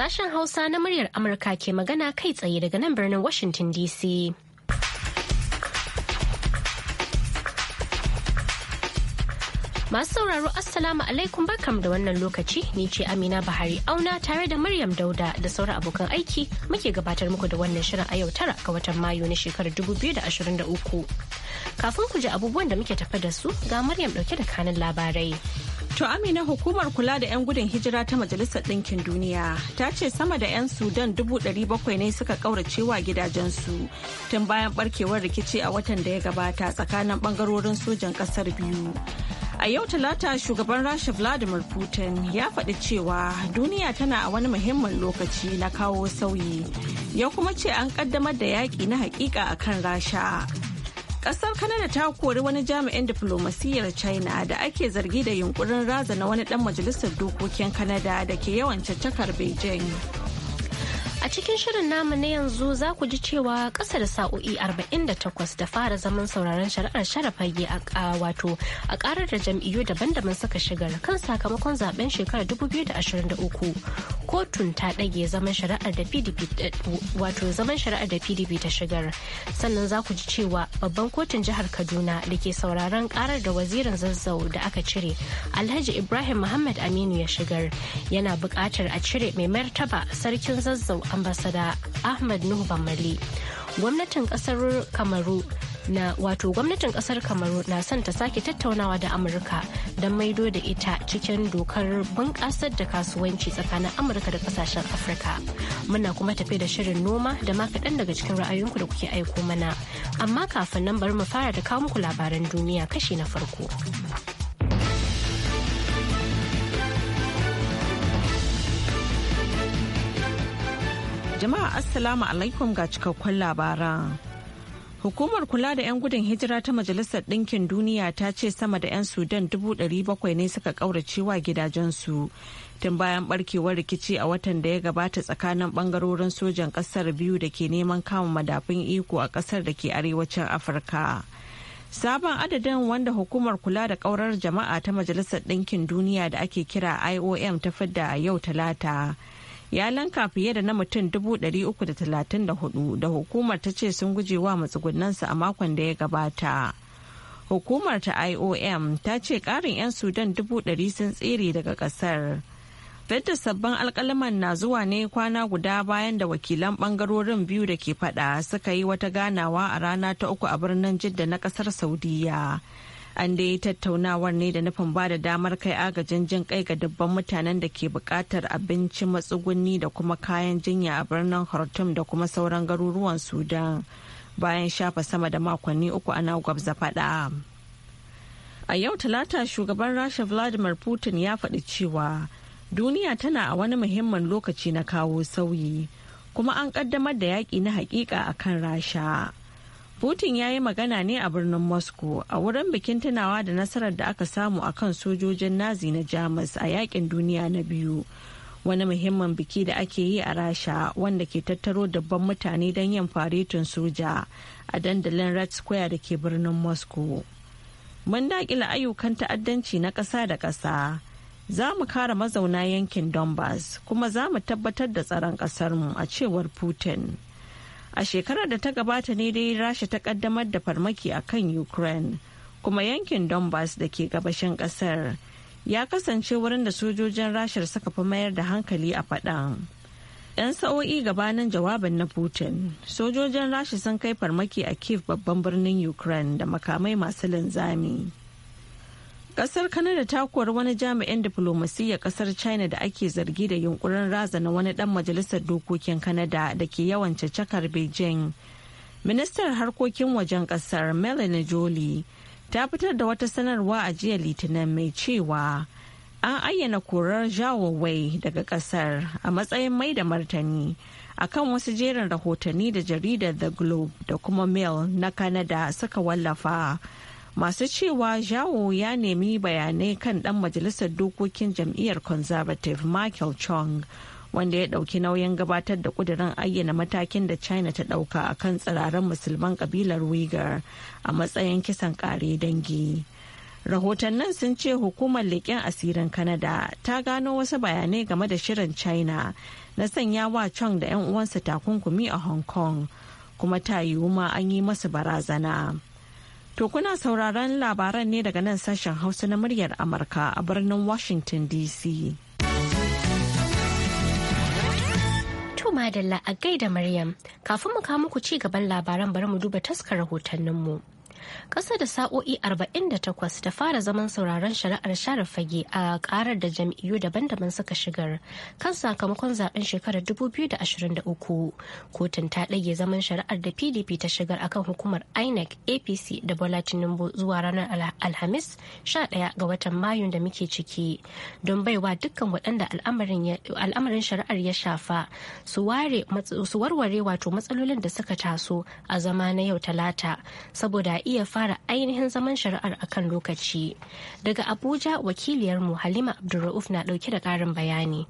Sashen Hausa na muryar Amurka ke magana kai tsaye daga nan birnin Washington DC. Masu sauraro Assalamu alaikum barkam da wannan lokaci ni ce Amina Bahari Auna tare da Maryam Dauda da sauran abokan aiki muke gabatar muku da wannan shirin a yau tara ga watan Mayu na shekarar 2023. Kafin ku ji abubuwan da muke tafa da su ga Maryam dauke da kanin labarai. To Amina hukumar kula da 'yan gudun hijira ta Majalisar Ɗinkin Duniya ta ce sama da 'yan Sudan 700,000 ne suka kauracewa gidajensu tun bayan barkewar rikici a watan da ya gabata tsakanin bangarorin sojan ƙasar biyu. A yau talata shugaban Rasha Vladimir Putin ya faɗi cewa duniya tana a wani muhimmin lokaci na kawo sauyi ya kuma ce an ƙaddamar da yaƙi na haƙiƙa kan Rasha. Ƙasar Kanada ta kori wani jami'in diflomasiyyar China da ake zargi da yunkurin razana wani ɗan majalisar dokokin Kanada da ke yawan caccakar Beijing. cikin shirin namu na yanzu za ku ji cewa ƙasa da sa'o'i 48 da fara zaman sauraron shari'ar sharafage a wato a ƙarar da jam'iyyu daban-daban suka shigar kan sakamakon zaben shekarar 2023 kotun ta ɗage zaman shari'ar da pdp wato zaman shari'ar da pdp ta shigar sannan za ku ji cewa babban kotun jihar kaduna da ke sauraron ƙarar da wazirin zazzau da aka cire alhaji ibrahim muhammad aminu ya shigar yana buƙatar a cire mai martaba sarkin zazzau ambasada ahmed nuhu Bamali. gwamnatin kasar kamaru na wato gwamnatin kasar kamaru na son ta sake tattaunawa da amurka don maido da ita cikin dokar bunƙasar da kasuwanci tsakanin amurka da kasashen afirka muna kuma tafi da shirin noma da ma kaɗan daga cikin ra'ayinku da kuke aiko mana amma kafin nan bari mu fara da kawo muku labaran duniya kashi na farko. Jama'a Assalamu alaikum ga cikakkun labaran. Hukumar kula da 'yan gudun hijira ta Majalisar Ɗinkin Duniya ta ce sama da 'yan Sudan 700,000 ne suka ƙaurace gidajensu tun bayan barkewar rikici a watan da ya gabata tsakanin ɓangarorin sojan ƙasar biyu da ke neman kama madafun iko a ƙasar da ke arewacin Afirka. Sabon adadin wanda hukumar kula da ƙaurar jama'a ta Majalisar Ɗinkin Duniya da ake kira IOM ta fidda a yau Talata. ya lanka fiye da na mutum 334 da hukumar ta ce sun guje wa su a makon da ya gabata. Hukumar ta IOM ta ce karin 'yan Sudan 100 sun tsere daga ƙasar. Fidda sabbin alkalaman na zuwa ne kwana guda bayan da wakilan bangarorin biyu da ke fada suka yi wata ganawa a rana ta uku a birnin Jidda na kasar Saudiya. an dai tattaunawar ne da nufin ba da damar kai agajin jin kai ga dubban mutanen da ke buƙatar abinci matsuguni da kuma kayan jinya a birnin khartoum da kuma sauran garuruwan sudan bayan shafa sama da makonni uku ana gwabza faɗa a yau talata shugaban rasha vladimir putin ya faɗi cewa duniya tana a wani muhimmin lokaci na kawo sauyi kuma an ƙaddamar da yaƙi na haƙiƙa akan rasha Putin ya yi magana ne a birnin Moscow a wurin bikin tunawa da nasarar da aka samu a kan sojojin Nazi na Jamus a yakin duniya na biyu. Wani muhimmin biki da ake yi a Rasha wanda ke tattaro dabban mutane don yin faretin soja a dandalin Red Square da ke birnin Moscow. Mun daƙila ayyukan ta'addanci na ƙasa da ƙasa. Za mu kare mazauna yankin Donbass kuma za mu tabbatar da tsaron ƙasarmu a cewar Putin. a shekarar da ta gabata ne dai rasha ta kaddamar da farmaki a kan ukraine kuma yankin donbass da ke gabashin kasar ya kasance wurin da sojojin rashar suka fi mayar da hankali a faɗan. 'yan sa'o'i gabanin jawabin na putin sojojin rasha sun kai farmaki a kiev babban birnin ukraine da makamai masu linzami Kasar Kanada ta kori wani jami'in diflomasiyyar kasar China da ake zargi da yunkurin razana wani dan majalisar dokokin Kanada da ke yawan cakar Beijing. Ministar harkokin wajen kasar Melanie Jolie ta fitar da wata sanarwa a jiya Litinin mai cewa an ayyana korar Wei daga kasar a matsayin mai da martani akan wasu jerin rahotanni da jaridar The Globe da kuma Mail na Kanada suka wallafa. masu cewa jawo ya nemi bayanai kan dan majalisar dokokin jam'iyyar conservative michael chong wanda ya dauki nauyin gabatar da kudirin ayyana matakin da china ta dauka a kan tsiraren musulman kabilar uyghur a matsayin kisan kare dangi rahotannin sun ce hukumar leƙen asirin canada ta gano wasu bayanai game da shirin china na sanya wa chong da 'yan uwansa takunkumi a hong kong kuma ta yiwu ma an yi masu barazana. To kuna sauraron labaran ne daga nan sashen Hausa na muryar Amurka a birnin Washington DC. To madalla a gaida Maryam, kafin mu kawo muku ci gaban labaran bari mu duba taskar rahotanninmu. mu. Kasa da sa'o'i 48 da fara zaman sauraron shari'ar share fage a karar da jam'iyyu daban-daban suka shigar kan sakamakon zaben shekarar 2023. Kotun ta ɗage zaman shari'ar da PDP ta shigar akan hukumar INEC, APC da Bola Tinubu zuwa ranar Alhamis 11 ga watan mayu da muke ciki don baiwa dukkan waɗanda al'amarin shari'ar ya shafa su warware wato matsalolin da suka taso a zama na yau talata saboda iya iya fara ainihin zaman shari'ar a kan lokaci daga abuja wakiliyarmu halima abdulra'uf na dauke da ƙarin bayani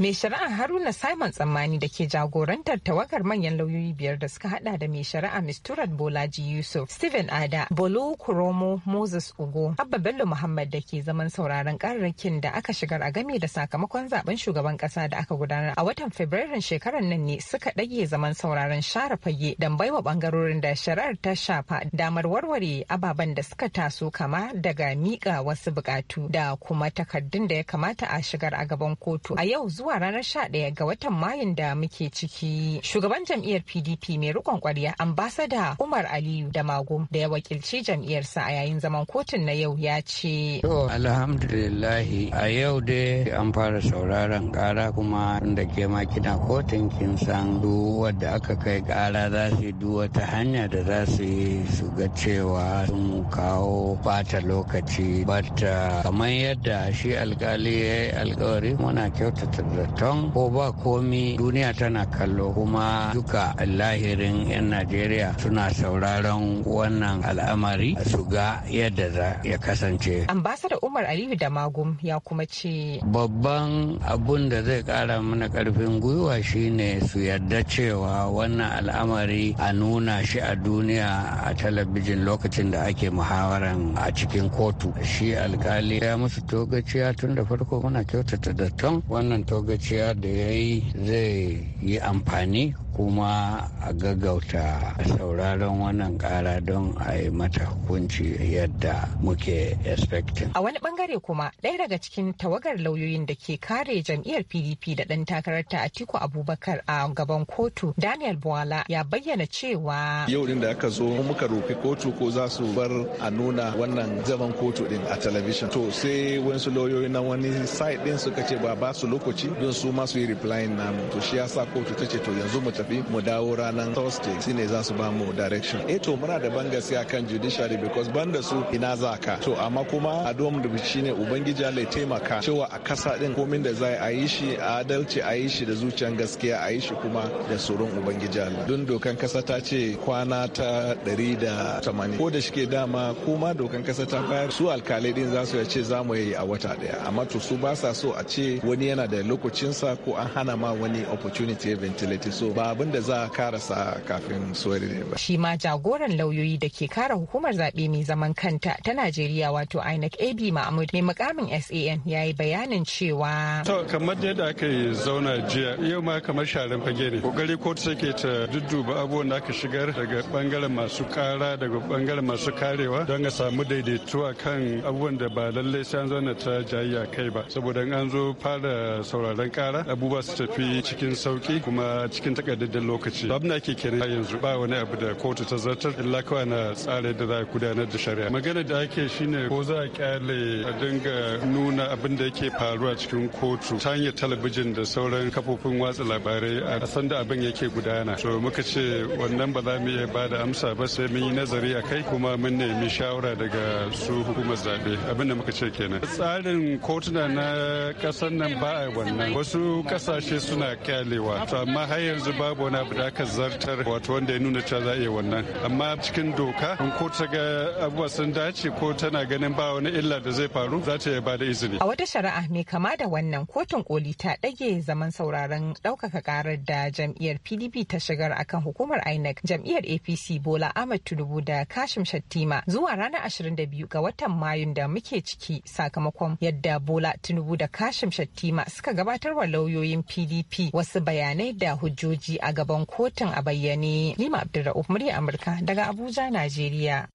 mai shari'a haruna simon tsammani da ke jagorantar tawagar manyan lauyoyi biyar da suka hada da mai shari'a misturat bolaji yusuf stephen ada bolo kuromo moses ugo abba bello muhammad da ke zaman sauraron kararrakin da aka shigar a game da sakamakon zaben shugaban kasa da aka gudanar a watan fabrairun shekarar nan ne suka ɗage zaman sauraron share fage don baiwa bangarorin da shari'ar ta shafa damar warware ababen da suka taso kama daga miƙa wasu buƙatu da kuma takardun da ya kamata a shigar a gaban kotu a yau zuwa zuwa ranar 11 ga watan Mayun da muke ciki. Shugaban jam'iyyar PDP mai rikon kwarya ambasada Umar Aliyu da Mago da ya wakilci jam'iyyarsa a yayin zaman kotun na yau ya ce. To a yau dai an fara sauraron kara kuma da ke ma kina kotun kin san wadda aka kai kara za su yi wata hanya da za su yi su ga cewa sun kawo bata lokaci bata kamar yadda shi alkali ya yi alkawari muna kyautata zaton ko ba komi duniya tana kallo kuma duka lahirin 'yan najeriya suna sauraron wannan al'amari su ga yadda ya kasance ambasada umar aliyu da magum ya kuma ce babban abun da zai kara mana karfin gwiwa shine su yarda cewa wannan al'amari a nuna shi a duniya a talabijin lokacin da ake muhawaran a cikin kotu shi alkali ya musu togaciya tun da farko muna kyautata da tan. wannan toga togaciya da ya yi zai yi amfani kuma a gaggauta sauraron wannan kara don a yi mata hukunci yadda muke expecting. A wani bangare kuma ɗaya daga cikin tawagar lauyoyin da ke kare jam'iyyar PDP da ɗan takararta Atiku Abubakar a gaban kotu Daniel buwala ya bayyana cewa. Yau din da aka zo muka roƙi kotu ko za su bar a nuna wannan zaman kotu din a talabishin. To sai wasu lauyoyi na wani site din suka ce ba ba su lokaci don su ma su yi replying namu. To shi ya sa kotu ta ce to yanzu mu tafi zaɓi mu dawo ranar thursday shine za su ba mu direction eh to muna da ban gaskiya kan judiciary because ban da su ina za ka to amma kuma a dom da shine ubangiji Allah ya taimaka cewa a kasa din komin da za ayi. yi shi a adalci a yi shi da zuciyar gaskiya a shi kuma da tsoron ubangiji Allah don dokan kasa ta ce kwana ta 180 ko da shike dama kuma dokan kasa ta bayar su alkalai din za su ya ce za mu yi a wata daya amma to su ba sa so a ce wani yana da lokacinsa ko an hana ma wani opportunity ventilate so ba abin da za a karasa kafin suwari ba. Shi ma jagoran lauyoyi da ke kare hukumar zaɓe mai zaman kanta ta Najeriya wato INEC AB Mahmud mai mukamin SAN ya yi bayanin cewa. To kamar yadda aka yi zauna jiya yau ma kamar sharan fage ne. Kokari kotu take ta dudduba abubuwan da aka shigar daga bangaren masu kara daga bangaren masu karewa don a samu daidaito a kan abubuwan da ba lallai sai an zauna ta jayayya kai ba. Saboda an zo fara sauraron kara abubuwa su tafi cikin sauki kuma cikin takardu. ƙayyadadden lokaci abin da ake kenan yanzu ba wani abu da kotu ta zartar illa kawai na tsara da za a gudanar da shari'a magana da ake shine ko za a kyale a dinga nuna abin da yake faruwa cikin kotu ta hanyar talabijin da sauran kafofin watsa labarai a san da abin yake gudana to muka ce wannan ba za mu iya ba da amsa ba sai mun yi nazari a kai kuma mun nemi shawara daga su hukumar zaɓe abin da muka ce kenan tsarin kotuna na ƙasar nan ba a wannan wasu ƙasashe suna kyalewa to amma har yanzu ba babu wani abu da aka zartar wato wanda ya nuna cewa za a iya wannan amma cikin doka in ko ta ga abubuwa sun dace ko tana ganin ba wani illa da zai faru za ta iya ba da izini a wata shari'a mai kama da wannan kotun koli ta ɗage zaman sauraron ɗaukaka karar da jam'iyyar pdp ta shigar akan hukumar inec jam'iyyar apc bola ahmad tinubu da kashim shattima zuwa ranar 22 ga watan mayu da muke ciki sakamakon yadda bola tinubu da kashim shattima suka gabatar wa lauyoyin pdp wasu bayanai da hujjoji a gaban kotun a bayyane. Lima Abdulrahman murya Amurka daga Abuja, Najeriya.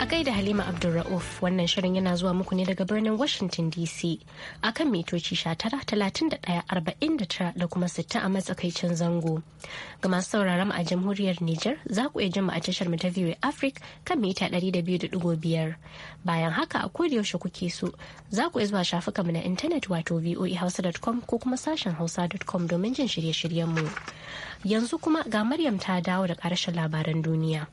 A da Halima Abdulra'uf wannan shirin yana zuwa muku ne daga birnin Washington DC a kan mitoci 19,31,49 da kuma 60 a matsakaicin zango. Ga masu sauraron a jamhuriyar Nijar za ku iya mu a tashar mu ta VOA Africa kan mita 200.5. Bayan haka a yaushe kuke so za ku iya zuwa shafukan mu na intanet wato voahausa.com ko kuma sashen hausa.com domin jin shirye-shiryen mu. Yanzu kuma ga Maryam ta dawo da karashin labaran duniya.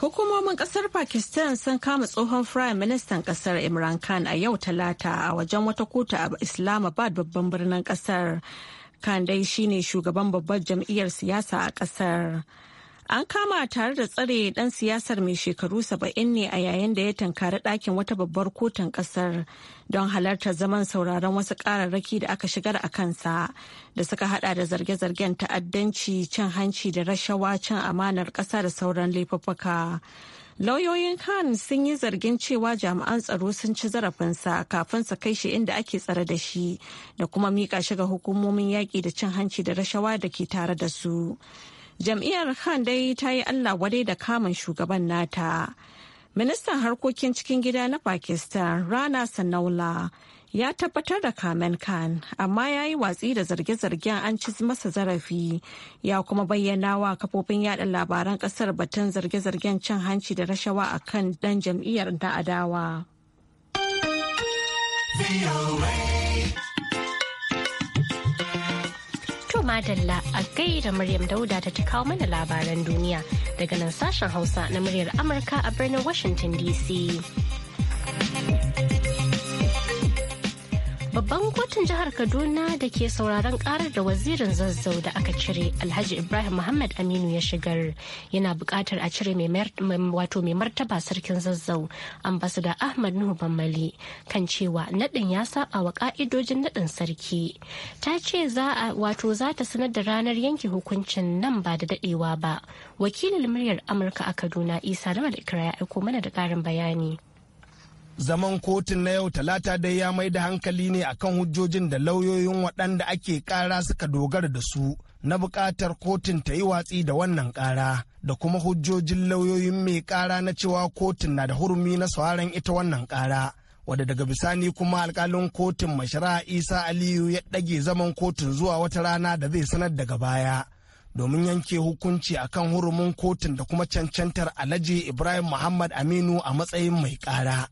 Hukumomin kasar Pakistan sun kama tsohon Firayim Ministan kasar Imran Khan a yau Talata a wajen wata kotu a Islamabad babban birnin kasar. Khan dai shine shugaban babbar jam'iyyar siyasa a kasar. An kama tare da tsare ɗan siyasar mai shekaru saba'in ne a yayin da ya tankari ɗakin wata babbar kotun ƙasar don halartar zaman sauraron wasu ƙararraki da aka shigar a kansa da suka hada da zarge-zargen ta'addanci cin hanci da rashawa cin amanar ƙasa da sauran laifuffuka. lauyoyin khan sun yi zargin cewa jami'an tsaro sun ci zarafinsa kafin su kai shi inda ake tsare da shi da kuma mika shiga hukumomin yaƙi da cin hanci da rashawa da ke tare da su Jam'iyyar Khan dai ta yi Allah wadai da kamun shugaban nata. Ministan harkokin cikin gida na Pakistan Rana Sanaula ya tabbatar da kamen Khan amma ya yi watsi da zarge-zargen an ci masa zarafi ya kuma bayyana wa kafofin yada labaran kasar batun zarge-zargen cin hanci da rashawa a kan dan jam'iyyar ta adawa. madalla a gaida Maryam Dauda ta ta kawo mana labaran duniya daga nan sashen Hausa na muryar Amurka a birnin Washington DC. babban kotun jihar kaduna da ke sauraron karar da wazirin zazzau da aka cire alhaji ibrahim muhammad aminu ya shigar yana buƙatar a cire wato mai martaba sarkin zazzau ambasada ahmad nuhu bammali kan cewa nadin ya saba wa ka'idojin nadin sarki ta ce za a wato za ta sanar da ranar yanke hukuncin nan ba da dadewa ba wakilin muryar amurka a kaduna isa lamar ikra ya aiko mana da karin bayani zaman kotun na yau talata dai ya mai da hankali ne akan hujjojin da lauyoyin waɗanda ake ƙara suka dogara da su na buƙatar kotun ta yi watsi da wannan ƙara da kuma hujjojin lauyoyin mai ƙara na cewa kotun na da hurumi na sauran ita wannan ƙara wadda daga bisani kuma alkalin kotun mashara isa aliyu ya ɗage zaman kotun zuwa wata rana da zai sanar daga baya domin yanke hukunci akan hurumin kotun da kuma cancantar alhaji ibrahim muhammad aminu a matsayin mai ƙara.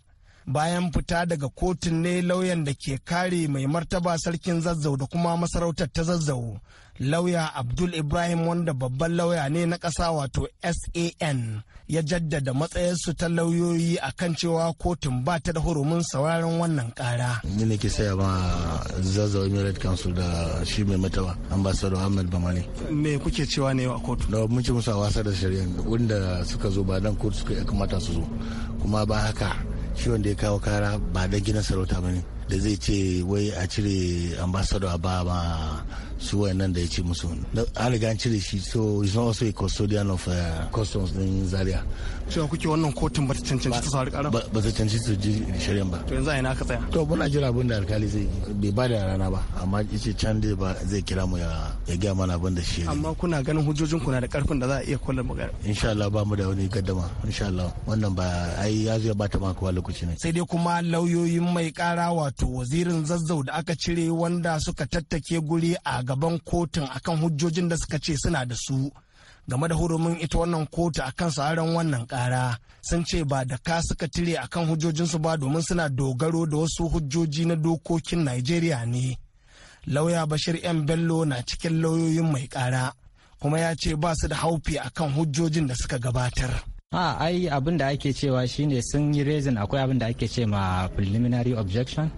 bayan fita daga kotun ne lauyan da ke kare mai martaba sarkin zazzau da kuma masarautar ta zazzau lauya abdul ibrahim wanda babban lauya ne na ƙasa wato san ya jaddada matsayarsu ta lauyoyi a kan cewa kotun ba ta da hurumin sauraron wannan kara. ni ne ke saya ma zazzau emirate council da shi mai mataba ambassador ahmed bamani me kuke cewa ne a kotu da ci musu a wasa da shari'a wanda suka zo ba dan kotu suka ya kamata su zo kuma ba haka shi wanda ya kawo kara ba da gidan sarauta ba ne da zai ce wai a cire ambassador a ba ma su wayannan da ya ce musu an cire shi so is not also a custodian of uh, customs din zaria cewa kuke wannan kotun ba ta cancanci ta sauri kara ba ta cancanci ta ji shari'an ba to yanzu a ina ka tsaya to muna jira abin da alkali zai bai ba da rana ba amma yace can dai ba zai kira mu ya ya gaya mana abin da shi amma kuna ganin hujjojin kuna da karfin da za a iya kullar magana insha Allah ba mu da wani gaddama insha Allah wannan ba ai ya zo ba ta ma kowa lokaci ne sai dai kuma lauyoyin mai kara wato wato wazirin zazzau da aka cire wanda suka tattake guri a gaban kotun akan hujjojin da suka ce suna da su game da hurumin ita wannan kotu akan tsarin wannan kara sun ce ba da ka suka tire akan hujjojinsu ba domin suna dogaro da wasu hujjoji na dokokin Najeriya ne. Lauya Bashir yan Bello na cikin lauyoyin mai kara kuma ya ce ba su da haufi akan hujjojin da suka gabatar. a ai abin da ake cewa shine sun yi rezin akwai abin da ake ce ma preliminary objection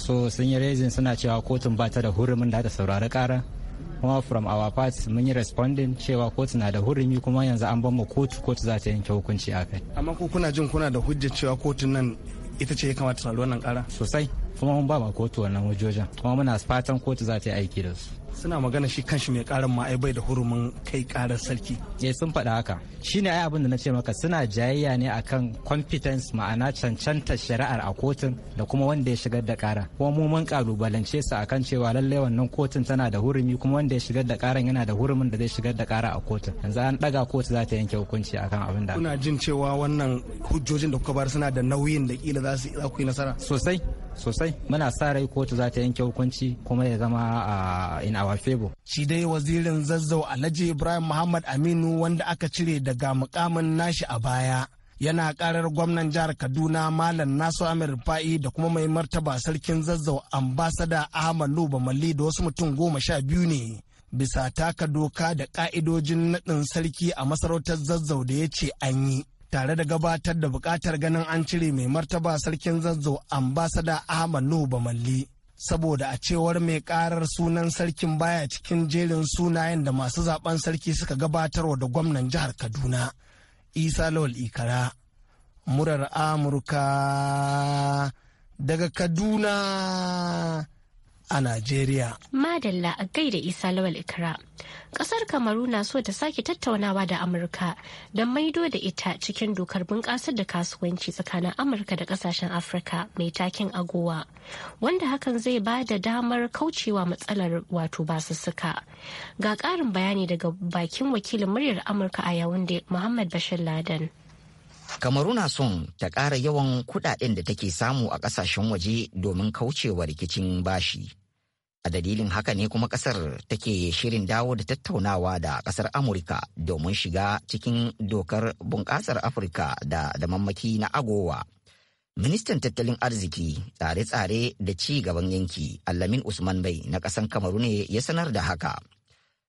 so sun yi raising suna cewa kotun ba ta da hurumin da ta saurari kara kuma from our part mun yi responding cewa kotu na da hurumi kuma yanzu an ban mu kotu kotu za ta yanke hukunci a kai amma ko kuna jin kuna da hujjar cewa kotun nan ita ce ya kamata ta wannan kara sosai kuma mun ba ma kotu wannan hujjojin kuma muna fatan kotu za ta yi aiki da su suna magana shi kanshi mai karan ma bai da hurumin kai karar sarki ya eh, sun faɗa haka shi shine ai abin da na ce maka suna jayayya ne akan competence ma'ana cancanta shari'ar a kotun da kuma wanda ya shigar da kara kuma mu mun kalubalance su akan cewa lalle wannan kotun tana da hurumi kuma wanda ya shigar da karan yana da hurumin da zai shigar da kara a kotun yanzu an daga kotu za ta yanke hukunci akan abin da kuna jin cewa wannan hujjojin da kuka bar suna da nauyin da kila za su yi nasara sosai sosai muna sa rai kotu za ta yanke hukunci kuma ya zama a in our favor shi dai wazirin zazzau alhaji ibrahim muhammad aminu wanda aka cire daga mukamin nashi a baya yana karar gwamnan jihar kaduna malam nasu amir fa'i da kuma mai martaba sarkin zazzau ambasada ahmad luba malli da wasu mutum goma sha biyu ne bisa taka doka da ka'idojin naɗin sarki a masarautar zazzau da ya ce an yi tare da gabatar da bukatar ganin an cire mai martaba sarkin zazzau ambasada ahmad nuhu bamalli saboda a cewar mai karar sunan sarkin baya cikin jerin sunayen da masu zaben sarki suka gabatarwa da gwamnan jihar kaduna isa lawal ikara murar amurka daga kaduna a Najeriya. Madalla a gaida Isa Lawal Ikra. Kasar Kamaru na so ta sake tattaunawa da Amurka don maido da ita cikin dokar bunƙasar da kasuwanci tsakanin Amurka da kasashen Afirka mai takin agowa, wanda hakan zai ba da damar kaucewa matsalar wato basussuka. Ga ƙarin bayani daga bakin wakilin muryar Amurka a yawun da Muhammad Bashir Laden. Kamaru na son ta ƙara yawan kuɗaɗen da take samu a ƙasashen waje domin kaucewa rikicin bashi. a dalilin haka ne kuma kasar take shirin dawo da tattaunawa da kasar amurka domin shiga cikin dokar bunƙasar afirka da damammaki na agowa ministan tattalin arziki tsare-tsare da ci gaban yanki allamin usman bai na ƙasan kamaru ne ya sanar da haka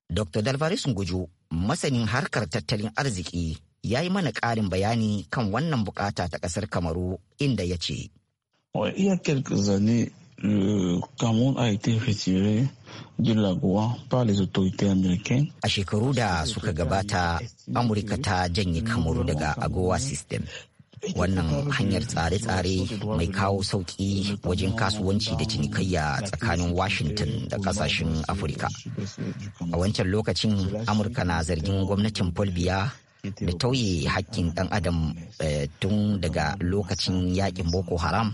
dr dalvaris guju masanin harkar tattalin arziki ya yi mana ƙarin bayani kan wannan bukata ta ƙasar kamaru inda ya ce. le Cameroun a été retiré par les autorités A shekaru da suka gabata, Amurka ta janye Kamaru daga Agowa system. Wannan hanyar tsare-tsare mai kawo sauƙi wajen kasuwanci da cinikayya tsakanin Washington da ƙasashen Afirka. A wancan lokacin, Amurka na zargin gwamnatin Folbiya da tauye hakkin ɗan adam eh, tun daga lokacin yakin boko haram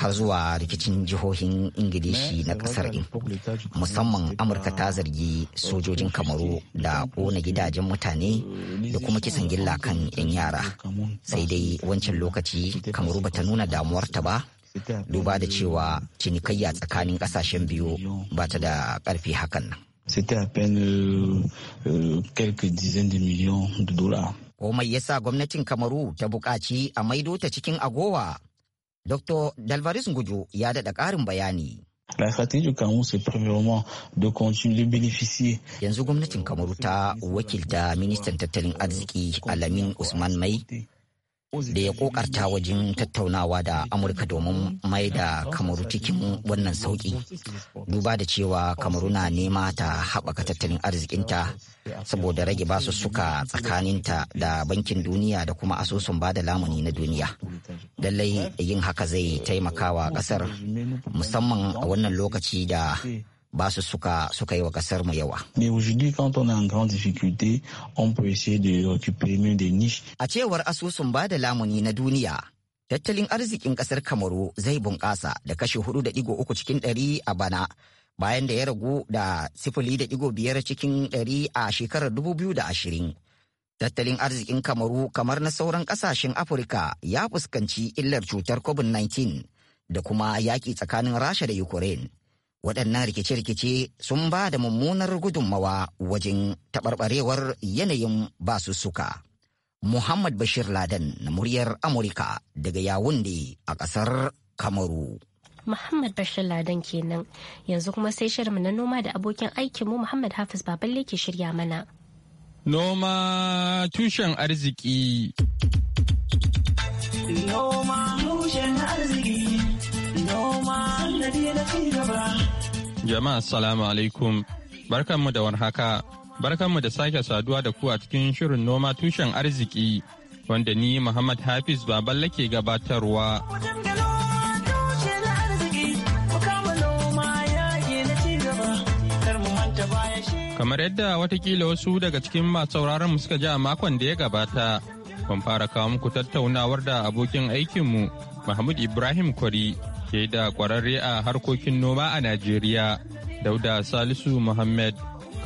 har zuwa rikicin jihohin ingilishi na ƙasar in musamman amurka ta zargi sojojin kamaru da ƙona gidajen mutane da kuma kisan gilla kan 'yan yara sai dai wancan lokaci kamaru bata nuna damuwarta ba duba da cewa cinikayya tsakanin ƙasashen biyu ba ta da ƙarfi hakan nan c'était à peine euh, euh, quelques dizaines de millions de dollars. Komai ya sa gwamnatin Kamaru ta buƙaci a maido ta cikin agowa. Dr. Dalvaris Ngujo ya daɗa ƙarin bayani. La stratégie du Cameroun, c'est premièrement de continuer de bénéficier. Yanzu gwamnatin Kamaru ta wakilta ministan tattalin arziki Alamin Usman Mai da ya kokarta wajen tattaunawa da amurka domin mai da kamaru cikin wannan sauki duba da cewa kamaru na nema ta haɓaka tattalin arzikinta saboda rage suka tsakaninta da bankin duniya da kuma asusun bada lamuni na duniya lallai yin haka zai taimakawa ƙasar musamman a wannan lokaci da basu suka suka yi wa kasar mu yawa. A cewar asusun bada lamuni na duniya, tattalin arzikin kasar Kamaru zai bunƙasa da kashi 4.3 cikin 100 a bana. bayan da ya ragu da sifili da digo biyar cikin ɗari a shekarar 2020. Tattalin arzikin Kamaru kamar na sauran ƙasashen Afirka ya fuskanci illar cutar COVID-19 da kuma yaƙi tsakanin Rasha da Ukraine. waɗannan rikice-rikice sun ba da mummunar gudunmawa wajen taɓarɓarewar yanayin basussuka. Muhammad Bashir Laden na muryar Amurka daga Yawunde a ƙasar Kamaru. Muhammad Bashir Laden kenan yanzu kuma sai shirinmu na noma da abokin aikinmu Muhammad Hafiz Baballe ke shirya mana. Noma tushen arziki. Noma tushen arziki. Jama'a salamu alaikum barkanmu da warhaka barkanmu da sake saduwa da ku a cikin shirin noma tushen arziki wanda ni Muhammad Hafiz baban lake gabatarwa. Kamar yadda watakila wasu daga cikin masu mu suka ji makon da ya gabata, ban fara kawo muku tattaunawar da abokin aikinmu Mahmud Ibrahim Kwari ke da kwararre a harkokin noma a Najeriya, Dauda Salisu Muhammad,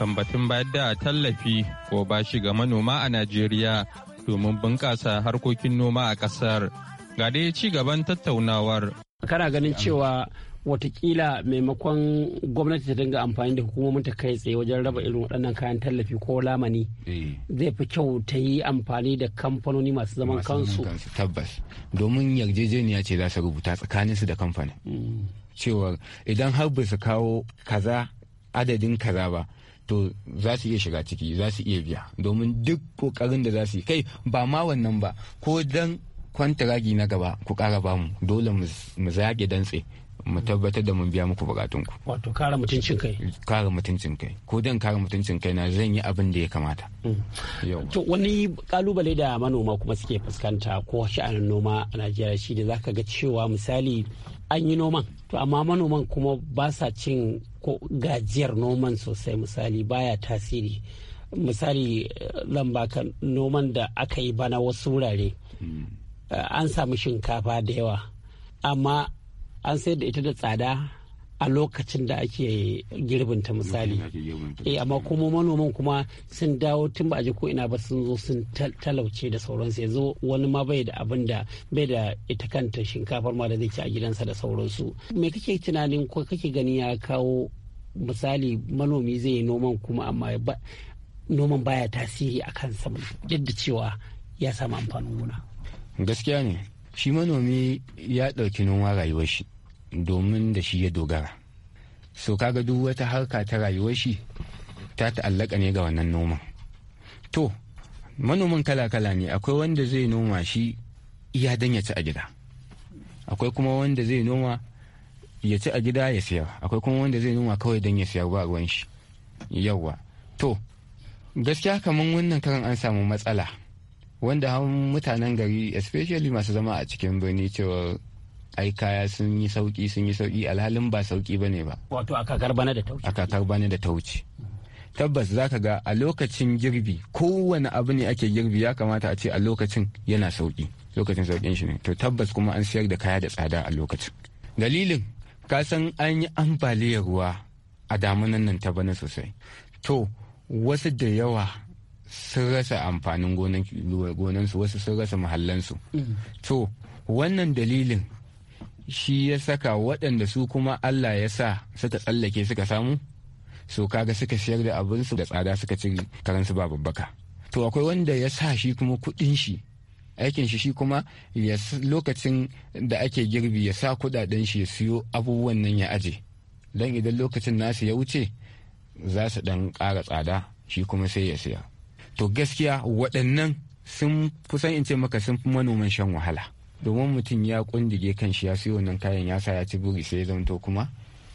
kan batun bayar da tallafi ko ba shi ga manoma a Najeriya domin bunƙasa harkokin noma a ƙasar. Ga dai ci gaban tattaunawar. Kana ganin cewa watakila maimakon gwamnati ta dinga amfani da hukumomin ta kai tsaye wajen raba irin waɗannan kayan tallafi ko lamani eh. zai fi kyau ta yi amfani da kamfanoni masu zaman kansu tabbas domin yarjejeniya ce za su rubuta tsakanin su da kamfani. Hmm. cewa idan har ba su kawo kaza adadin kaza ba to za su iya shiga ciki za su iya biya domin duk kokarin da za su yi kai ba ma wannan ba ko dan kwantaragi na gaba ku kara bamu dole mu zage dantse mu tabbatar da mun biya muku bukatun ku. Wato kare mutuncin kai. Kare mutuncin kai. Ko dan kare mutuncin kai na zan yi abin da ya kamata. Hmm. To wani kalubale da manoma kuma suke fuskanta ko sha'anin noma a Najeriya shi da zaka ga cewa misali an yi noman to amma manoman kuma ba sa cin ko gajiyar noman sosai misali baya tasiri. Misali eh, zan baka noman da aka yi bana wasu wurare. Hmm. Eh, an samu shinkafa da yawa amma an sayar da ita da tsada a lokacin da ake girbin ta misali eh amma kuma manoman kuma sun dawo tun ba a ji ko ina ba sun zo sun talauce da sauransu yanzu wani ma bai da abin da bai da ita kanta shinkafar ma da zai ci a gidansa da sauransu me kake tunanin ko kake gani ya kawo misali manomi zai yi noman kuma amma noman baya tasiri a kansa yadda cewa ya samu amfanin gona gaskiya ne shi manomi ya ɗauki noma rayuwar shi domin da shi ya dogara so kaga duk wata harka ta rayuwar shi ta ta'allaka ne ga wannan noman to manoman kala-kala ne akwai wanda zai noma shi iya don ya ci a gida akwai kuma wanda zai noma ya ci a gida ya sayar. akwai kuma wanda zai noma kawai don ya sayar ba ruwan shi yawwa to gaskiya kamar wannan karan an samu matsala wanda mutanen gari especially masu zama a cikin birni cewa ai kaya sun yi sauki sun yi sauki alhalin ba sauki bane ba wato a kakar bana da ta wuce a da ta tabbas za ka ga a lokacin girbi kowane abu ne ake girbi ya kamata a ce a lokacin yana sauki lokacin saukin shi ne to tabbas kuma an siyar da kaya da tsada a lokacin dalilin ka san an yi ambaliyar ruwa a damunan nan ta bana sosai to wasu da yawa sun rasa amfanin gonansu wasu sun rasa mahallansu mm. to wannan dalilin shi ya saka waɗanda su kuma Allah ya sa suka tsallake suka samu so kaga suka siyar da abinsu da tsada suka ci karansu ba babbaka to akwai wanda ya sa shi kuma kuɗin shi aikin shi shi kuma lokacin da ake girbi ya sa kuɗaɗen shi ya siyo abubuwan nan ya aje don idan lokacin nasu ya wuce za su ɗan kara tsada shi kuma sai ya siya to gaskiya waɗannan sun kusan in ce maka sun fi manoman shan wahala domin mutum ya kundige kan shi ya siyo wannan kayan ya sa ya ci buri sai ya zamto kuma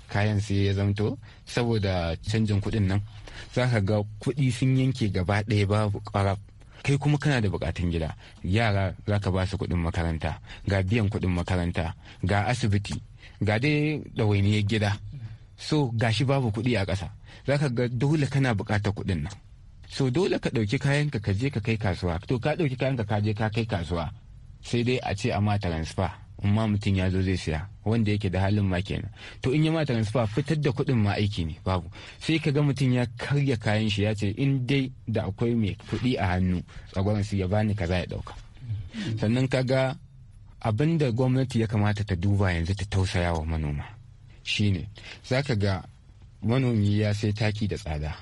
kayan sai ya zamto saboda canjin kuɗin nan za ka ga kuɗi sun yanke gaba ɗaya babu ƙarab kai kuma kana da bukatun gida yara za ka ba su kuɗin makaranta ga biyan kuɗin makaranta ga asibiti ga dai ɗawainiyar gida so gashi babu kuɗi a ƙasa za ka ga dole kana bukatar kuɗin nan so dole ka ɗauki kayanka ka je ka kai kasuwa to ka ɗauki kayanka ka je ka kai kasuwa sai dai a ce a ma transfer in ma mutum ya zo zai siya wanda yake da halin ma kenan to in ya ma transfer fitar da kuɗin ma aiki ne babu sai ka ga mutum ya karya kayan shi ya ce in dai da akwai mai kuɗi a hannu tsagwaron su ya bani kaza ya ɗauka sannan ka ga abin da gwamnati ya kamata ta duba yanzu ta tausaya wa manoma shine za ka ga manomi ya sai taki da tsada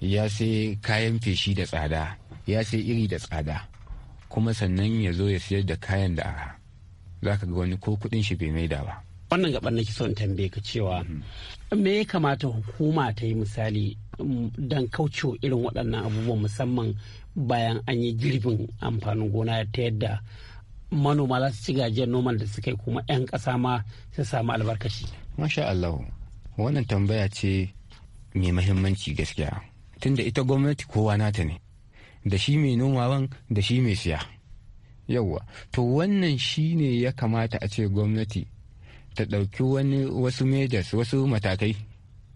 ya sai kayan feshi da tsada ya sai iri da tsada kuma sannan ya zo ya siyar da kayan da arha za ka ga wani ko kudin shi bai maida ba wannan gaban nake son tambaye ka cewa me ya kamata hukuma ta yi misali um, don kaucewa irin waɗannan abubuwan musamman bayan an yi girbin amfanin gona ta yadda manoma za su ci gajiyar noman da suka yi kuma 'yan ƙasa ma su samu albarkaci. Masha Allah, wannan tambaya ce mai mahimmanci gaskiya. Tunda ita gwamnati kowa nata ne. da shi mai nomawan da shi mai siya yauwa to wannan shi ne ya kamata a ce gwamnati ta ɗauki wani wasu majors wasu matakai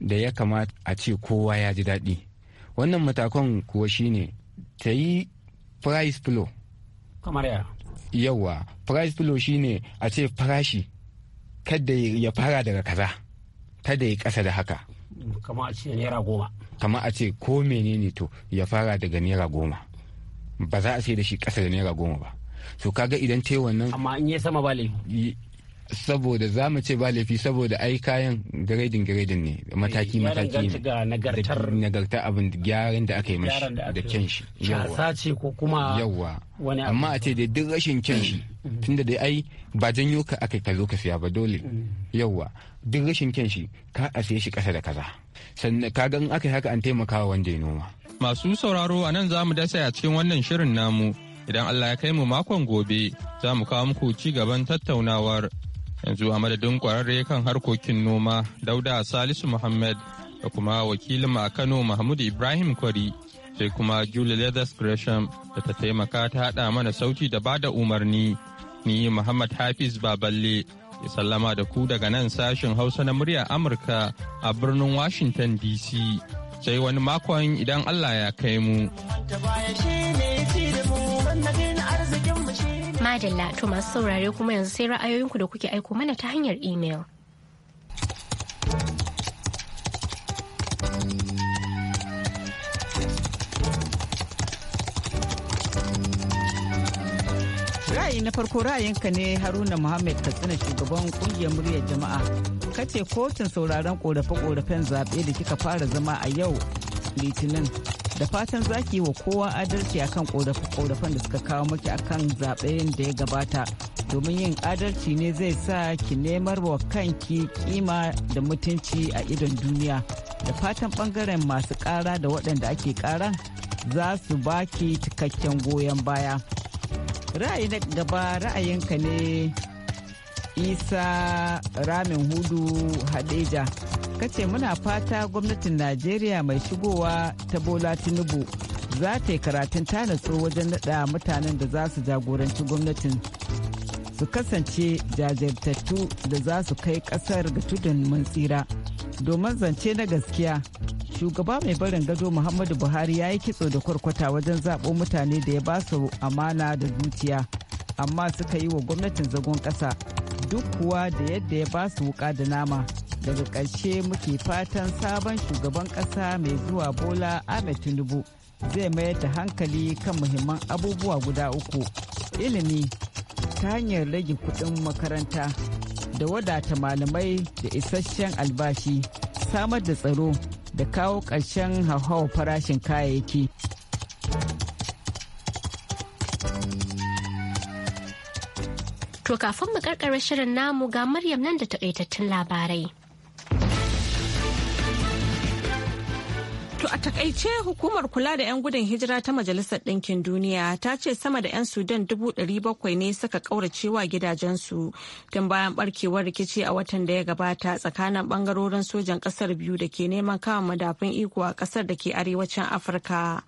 da ya kamata a ce kowa ya ji daɗi wannan matakan kuwa shi ne ta yi price flow kamar ya yauwa price flow shi ne a ce farashi kada ya fara daga kaza kada ya ƙasa da haka kamar a ce naira goma kama a ce ko menene to ya fara daga naira goma ba za a sai da shi ƙasa da naira goma ba so kaga idan te wannan amma in ya sama ba laifi saboda za mu ce ba laifi saboda ai kayan giredin giredin ne mataki mataki ne ga nagartar abin gyaran da aka yi mashi da kyan shi yawa yawa amma a ce da duk rashin kyan shi Mm-hmm. tun da dai ai ba janyo ka aka ka zo ka siya ba dole mm-hmm. yauwa duk rashin kyan shi ka a siya shi kasa da kaza sannan ka in aka yi haka an taimakawa wanda ya noma masu sauraro a nan za mu dasa a cikin wannan shirin namu idan Allah ya kai mu makon gobe za mu kawo muku ci gaban tattaunawar yanzu a madadin kwararre kan harkokin noma dauda salisu muhammad da kuma wakilin a kano mahmud ibrahim kwari sai kuma Julie Leathers Gresham da ta taimaka ta haɗa mana sauti da bada umarni. Ni Muhammad Hafiz Baballe ya sallama da ku daga nan sashen Hausa na murya Amurka a birnin Washington DC. Sai wani makon idan Allah ya kai mu. Madalla to masu saurare kuma yanzu sai ra'ayoyinku da kuke aiko mana ta hanyar imel. na farko ra'ayinka ne haruna muhammad katsina shugaban kungiyar muryar jama'a kace kotun sauraron korafe-korafen zaɓe da kika fara zama a yau litinin da fatan zaki wa kowa adalci akan korafe-korafen da suka kawo maki akan zaɓen da ya gabata domin yin adalci ne zai sa ki nemar wa kanki kima da mutunci a idon duniya da fatan bangaren masu ƙara da waɗanda ake ƙara za su baki cikakken goyon baya ra'ayi na gaba ra'ayinka ne isa ramin hudu hadeja kace muna fata gwamnatin najeriya mai shigowa ta bola tinubu za ta yi karatun tanaso wajen nada mutanen da za su jagoranci gwamnatin su kasance jajirtattu da za su kai kasar ga tudun mun tsira domin zance na gaskiya shugaba mai barin gado muhammadu buhari ya yi kitso da kwarkwata wajen zaɓo mutane da ya ba su amana da zuciya amma suka yi wa gwamnatin zagon ƙasa duk kuwa da yadda ya ba su wuƙa da nama daga ƙarshe muke fatan sabon shugaban ƙasa mai zuwa bola ahmed tinubu zai mayar da hankali kan muhimman abubuwa guda uku ilimi ta hanyar rage kuɗin makaranta da wadata malamai da isasshen albashi samar da tsaro da kawo ƙarshen hauhawar farashin kayayyaki. To kafin mu karkare shirin namu ga Maryam nan da taƙaitattun labarai. To a takaice hukumar kula da 'yan gudun hijira ta Majalisar Ɗinkin Duniya ta ce sama da 'yan Sudan bakwai ne suka ƙauracewa gidajensu tun bayan barkewar rikici a watan da ya gabata tsakanin bangarorin sojan ƙasar biyu da ke neman kama madafin iko a ƙasar da ke arewacin Afirka.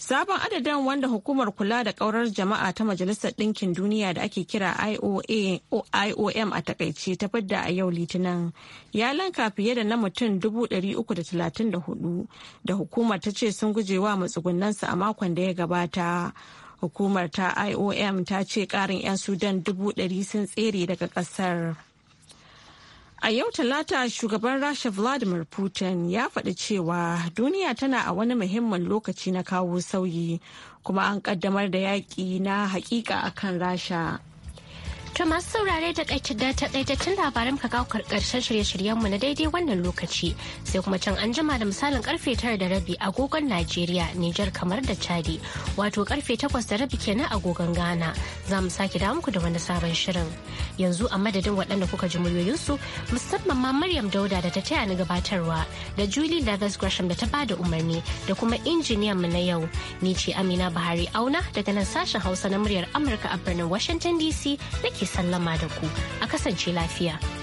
Sabon adadin wanda hukumar kula da ƙaurar jama'a ta Majalisar Ɗinkin Duniya da ake kira IOM a takaice ta fidda a yau Litinin ya lanka fiye da na mutum 334 da hukumar ta ce sun gujewa matsugunansu a makon da ya gabata. Hukumar ta IOM ta ce ƙarin 'yan Sudan 100 sun tsere daga ƙasar. A yau Talata shugaban Rasha Vladimir Putin ya faɗi cewa duniya tana a wani muhimmin lokaci na kawo sauyi kuma an ƙaddamar da yaƙi na haƙiƙa akan Rasha. To masu saurare da takaitattun labaran ka kawo karshen shirye-shiryenmu na daidai wannan lokaci sai kuma can an jima da misalin karfe tara da rabi agogon Najeriya, Nijar kamar da Chadi, wato karfe takwas da rabi kenan agogon Ghana. Za mu sake da muku da wani sabon shirin. Yanzu a madadin waɗanda kuka ji muryoyinsu musamman ma Maryam Dauda da ta taya ni gabatarwa da Julie Davis Gresham da ta bada umarni da kuma injiniyan mu na yau. Ni ce Amina Bahari Auna daga nan sashen Hausa na muryar Amurka a birnin Washington DC nake sallama da ku a kasance lafiya.